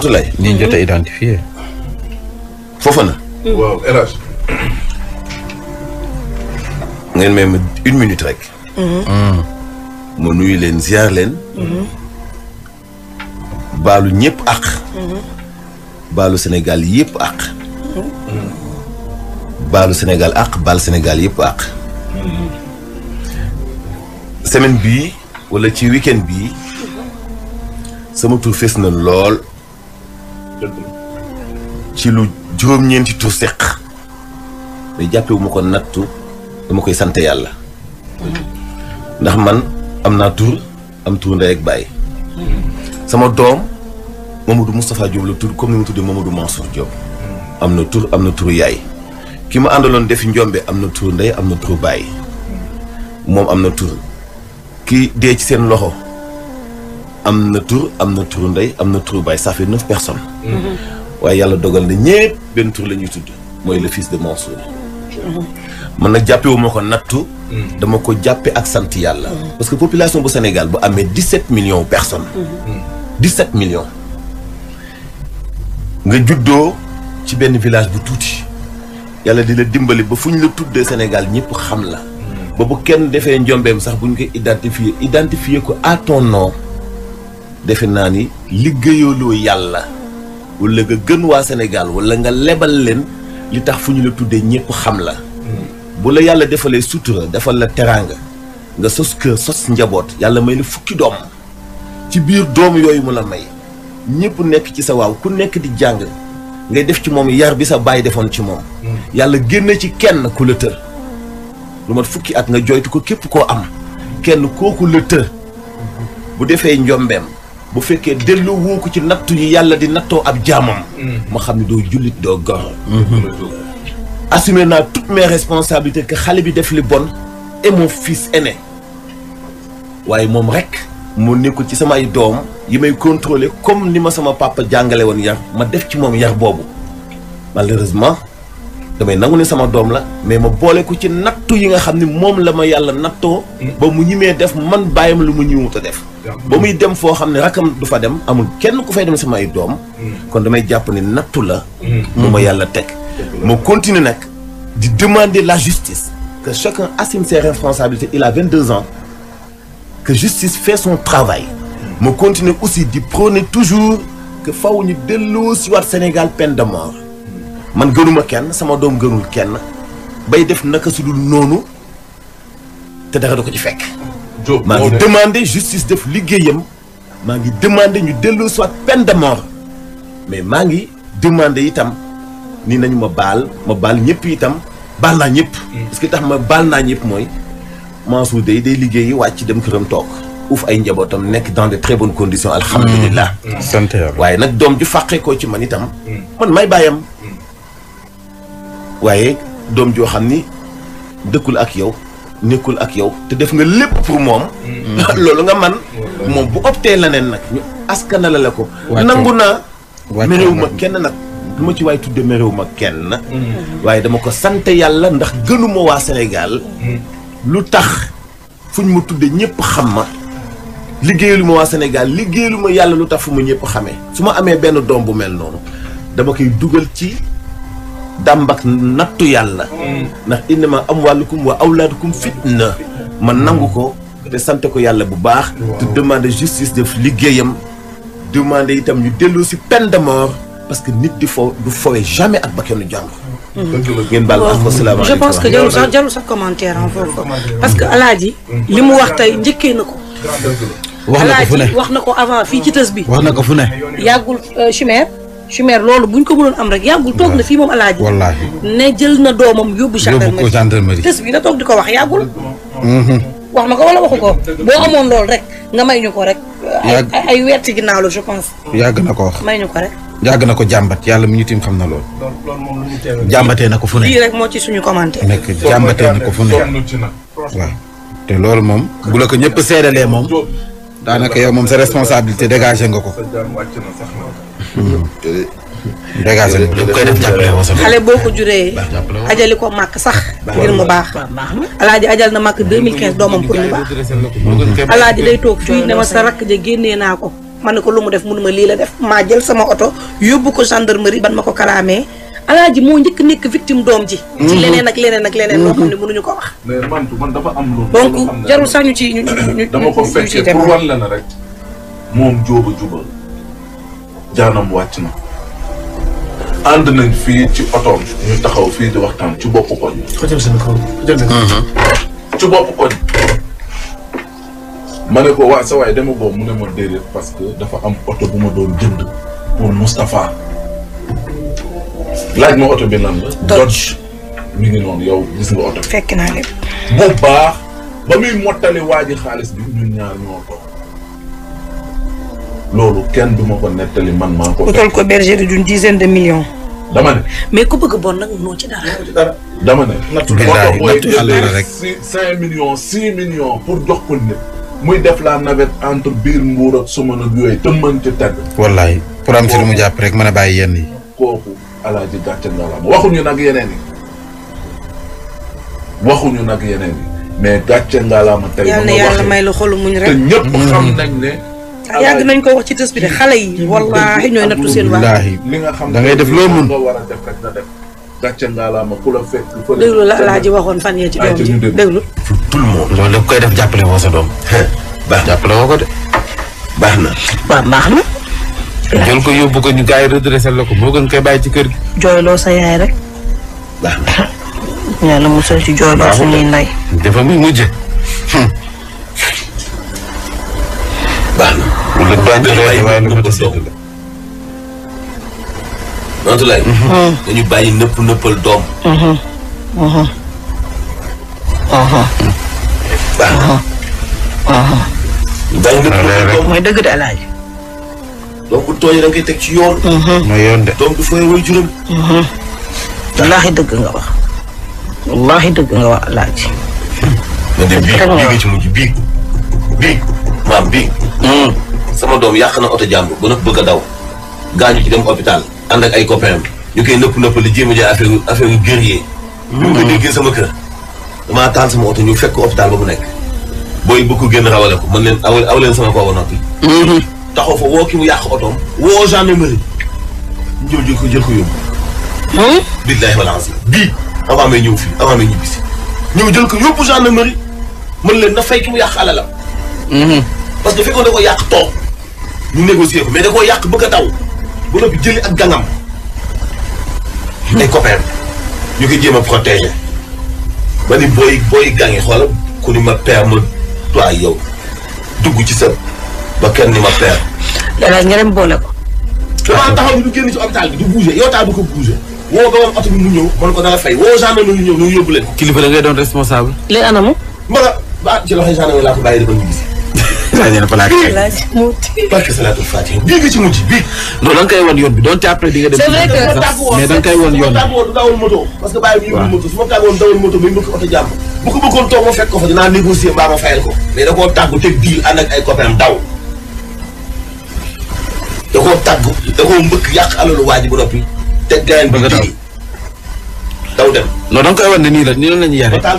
Mantoulaye. ñi jot a identifié. foofa na. waaw érage. ngeen may ma une minute rek. Mhm. ma nuy leen ziar leen. Mhm. baalu ñëpp àq. Mhm. baalu Sénégal yëpp àq. baalu Sénégal àq baal Sénégal yëpp àq. semaine bii wala ci weekend bii sama tur fees na lool. ci lu juróom-ñeenti tur seq mais jàppewuma ko nattu dama koy sant yàlla ndax man am naa tur am tur ndey ak bàyyi sama doom moom du Moustapha Diop la tur comme ni mu tuddee Mamadou Mansour Diop am na tur am na turu yaay ki ma àndaloon defi njombe am na tur ndey am na turu bàyyi moom am na tur ki dee ci seen loxo amna tour amna tour ndey ça fait neuf personnes. Mhm. y yalla dogal ni ñepp y tour la tudd moy le fils de Mansour. man mhm. dama ko jappé ak sante mhm. parce que population bu Sénégal bu amé 17 millions millions personnes. 17 millions. nga juddoo ci ben village bu y yalla dila dimbali ba la Sénégal xam la. ba bu kenn sax ko identifier identifier ko à ton nom. defe naa ni liggéeyaloo yàlla wala nga gën waa Sénégal walla nga lebal leen li tax fu ñu la tuddee ñëpp xam la. bu la yàlla defalee sutura defal la teraanga nga sos kër sos njaboot yàlla may la fukki doom ci biir doom yooyu mu la may ñëpp nekk ci sa waaw ku nekk di jàng ngay def ci moom yar bi sa baay defoon ci moom. Mm. yàlla génne ci kenn ku la tër lu mat fukki at nga joytu ko képp koo am kenn kooku la tër bu defee njombeem bu fekkee dellu woo ko ci nattu yi yàlla di nattoo ab jaamam. Mm. ma xam ne doo jullit doo gor. Mm-hmm. Mm-hmm. assumé naa toutes mes responsabilités que xale bi def li bon et mon fils aîné waaye moom rek mu nekkul ci samay doom yi may contrôler comme ni ma sama papa jàngale woon yar ma def ci moom yar boobu malheureusement damay nangu ne sama dom la mais ma bolé ko ci natou yi nga xamni mom la ma yalla nattoo. Hmm. ba mu ñimé def man bayam lu mu ñëwut ta def. ba muy dem fo xamni rakam du fa dem amul kenn ku fay dem sama ay doom. Hmm. kon damay japp ni natou la. Hmm. mu ma yalla teg. mo continuer nak di demander la justice. que chacun assume ses responsabilités il a 22 ans. que justice fait son travail. mo continuer aussi di prôner toujours que faw ñu delloo ci wat Sénégal peine de mort man gënuma kenn sama doom gënul kenn bay def naka su dul noonu te dara du ko ci fekk. maa ngi demander justice def liggéeyam ma ngi demander ñu delloo soit peine de mort mais ma ngi demander itam ni nañu ma baal ma baal ñëpp itam baal naa ñëpp. Mm. parce que tax ma baal naa ñëpp mooy Mansour day day liggéeyi wàcc dem këram toog. uuf ay njabootam nekk dans de très bonnes conditions. alhamdulilah mm. mm. sant waaye nag doom ju fàqee koo ci man itam. man may bàyyam. waaye doom joo xam ni dëkkul ak yow nekkul ak yow te def nga lépp pour moom. Mm-hmm. loolu nga man mm-hmm. moom bu optee leneen nag ñu askanale la ko. nangu naa. mereewu ma kenn nag lu ma ci waaye tudde mereewu ma kenn. Mm-hmm. waaye dama ko sante yàlla ndax gënuma waa senegaal lu tax fuñ ma tuddee ñëpp xam ma. liggéeyalu ma waa Sénégal liggéeyalu ma yàlla lu tax fu ma ñëpp xame su ma amee benn doom bu mel noonu dama koy dugal ci. dambak nattu yalla mm. ndax innama amwaalukum wa awlaadukum fitna man nangu ko ko yalla bu demander justice de liggéeyam demander itam ñu dellu peine de mort parce que nit di fo du jamais ak bakkanu mm. je pense que hein, commentaire parce que alaaji dit mm. wax tay wax nako avant fi ci teus bi wax euh, chimère chumère loolu buñ ko mënoon am rek yàggul toog na fii moom alaaji wallaahi ne jël na doomam yóbbu gendarmerie tës bi na di ko wax yàggul mhm. wax na ko wala ko boo amoon rek nga may ñu ko rek ay weer ci ginnaaw la je pense yàgg na ko wax may na ko jàmbat yàlla mi ñu tim xam na loolu jàmbatee na ko fu ne lii rek moo ci suñu commenté nekk jàmbatee na ko fu ne waaw te loolu moom bu la ko ñëpp seedalee moom daanaka yow moom sa responsabilité dégagé nga ko dégagé bu koy def jàppale woon xale boo ko juree. ajali ko màkk sax. ngir mu baax. alaaji ajal na màkk 2015 doomam pour ñu baax. alaaji day toog cuy ne ma sa rakk ja génne naa ko. ma ne ko lu mu def mënuma lii la def maa jël sama oto yóbbu ko gendarmerie ban ma ko kalaamee alaaji moo njëkk nekk victime doom ji. ci mhm. leneen ak leneen ak leneen. loo xam ne mhm. ko wax. mais man am loolu. donc jarul sax ñu ci ñu ci ñu ci dama ko fekkee pour wan la na rek moom jóoba juba jaanam wàcc na ànd nañ fii ci otoom ñu taxaw fii di waxtaan ci bopp koñ mhm. ci bopp ma ne ko waa sa waaye dama boobu mu ne ma déedéet parce que dafa am oto bu ma doon jënd pour Moustapha laaj ma oto bi lan la Dodge mi ngi noonu yow gis nga oto fekk naa lépp bu baax ba muy mottali waa xaalis bi ñun ñaar ñoo toog lolu kenn duma ko netali man maa ko. tol ko bergerie d'une dizaine de millions. dama ne. mais ku beug bon nak no ci dara. dama ne. nattu yàlla rek cinq millions 6 millions pour dox ko nit. muy def la navette entre bir mbour ak suma nag yooyu te man ci tag wallahi pour am ci lu mu japp rek mën baye yenn yi. ala di gatte na la waxu ñu nak yeneen yi waxu ñu nak yeneen yi mais gatte nga la ma tay mo wax yàlla may lu xolu muñ rek te ñëpp xam mm. nañ ne. tax yàgg nañ ko wax ci tës bi xale yi. wallaahi ñooy nattu seen wax li nga xam da def loo mun nga war a def rek na def. la fekk. déglu la waxoon fan ci doom ji déglu. tout le monde koy def jàppale sa doom. baax jàppale woo ko de baax na. waaw baax na. jël ko yóbbu ko ñu gaa yi redressé la ko moo gën koy bàyyi ci kër gi. jooyloo sa yaay rek. baax na. yàlla musal ci jooyloo suñuy nay. dafa muy mujj. lu doon waaye lu a seetlu mhm. ah. nëpp nëppal doom. Mhm. Mhm. nëpp nëppal doom mooy dëgg de alaaji. donc tooñ da teg ci yoon. mooy yoon de doom du fooy way juróom. wallaahi dëgg nga wax. wallaahi dëgg nga wax alaaji. dëgg nga wax ma ne ci mujj bii bii maam bii. sama yàq na oto jàmbur ba nëpp bëgg a daw gaañu ci dem hôpital ànd ay copain ñu koy nëpp nëpp li jéem a jaay affaire affaire yu guerrier hmm. sama kër damaa taal sama ñu fekk hôpital ba nekk booy bëgg génn rawale ko mën leen aw aw leen sama kooku noppi hmm. taxaw fa yàq otoom woo gendarmerie ñu jël ko jël ko yóbbu hmm? billaahi wala ansi bii avant may ñëw fii avant may ñibbisi ñëw jël ko leen na fay ki mu yàq alalam parce que fekkoon da ko yàq toog ñu négocier ko mais da koo yàq bëgg a daw ba noppi jëli ak gàngam. ay copains ñu koy jéem a protéger. ba ni booy booy gàngi xoolal ku ni ma père ma yow dugg ci sa ba kenn ni ma père. dara nga boole ko. damaa taxaw ni du génn ci hôpital bi du bouger yow taa du ko bouger. woo ko woon oto bi mu ñëw mën ko dara fay woo gendarme ñu ñëw ñu yóbbu leen. kilifa da ngay doon responsable. li anamu. mbala ba ci loxo gendarme laa ko bàyyi di ko ñu dinaa leen balaa parce que salaatul faatiha bii nga ci mujj bii. non nga koy wan yoon bi donte après di nga dem. c'est vrai que mais da nga koy wan yoon bi dawal moto. parce que bàyyi ñu moto su ma tàggoon dawal koo tàggu teg diil ànd ak da koo tàggu da koo mbëkk yàq alalu waa ji bu noppi. teg gaañ ba nga daw daw dem. non da nga koy wan ne nii la nii la ñu yare. ma taal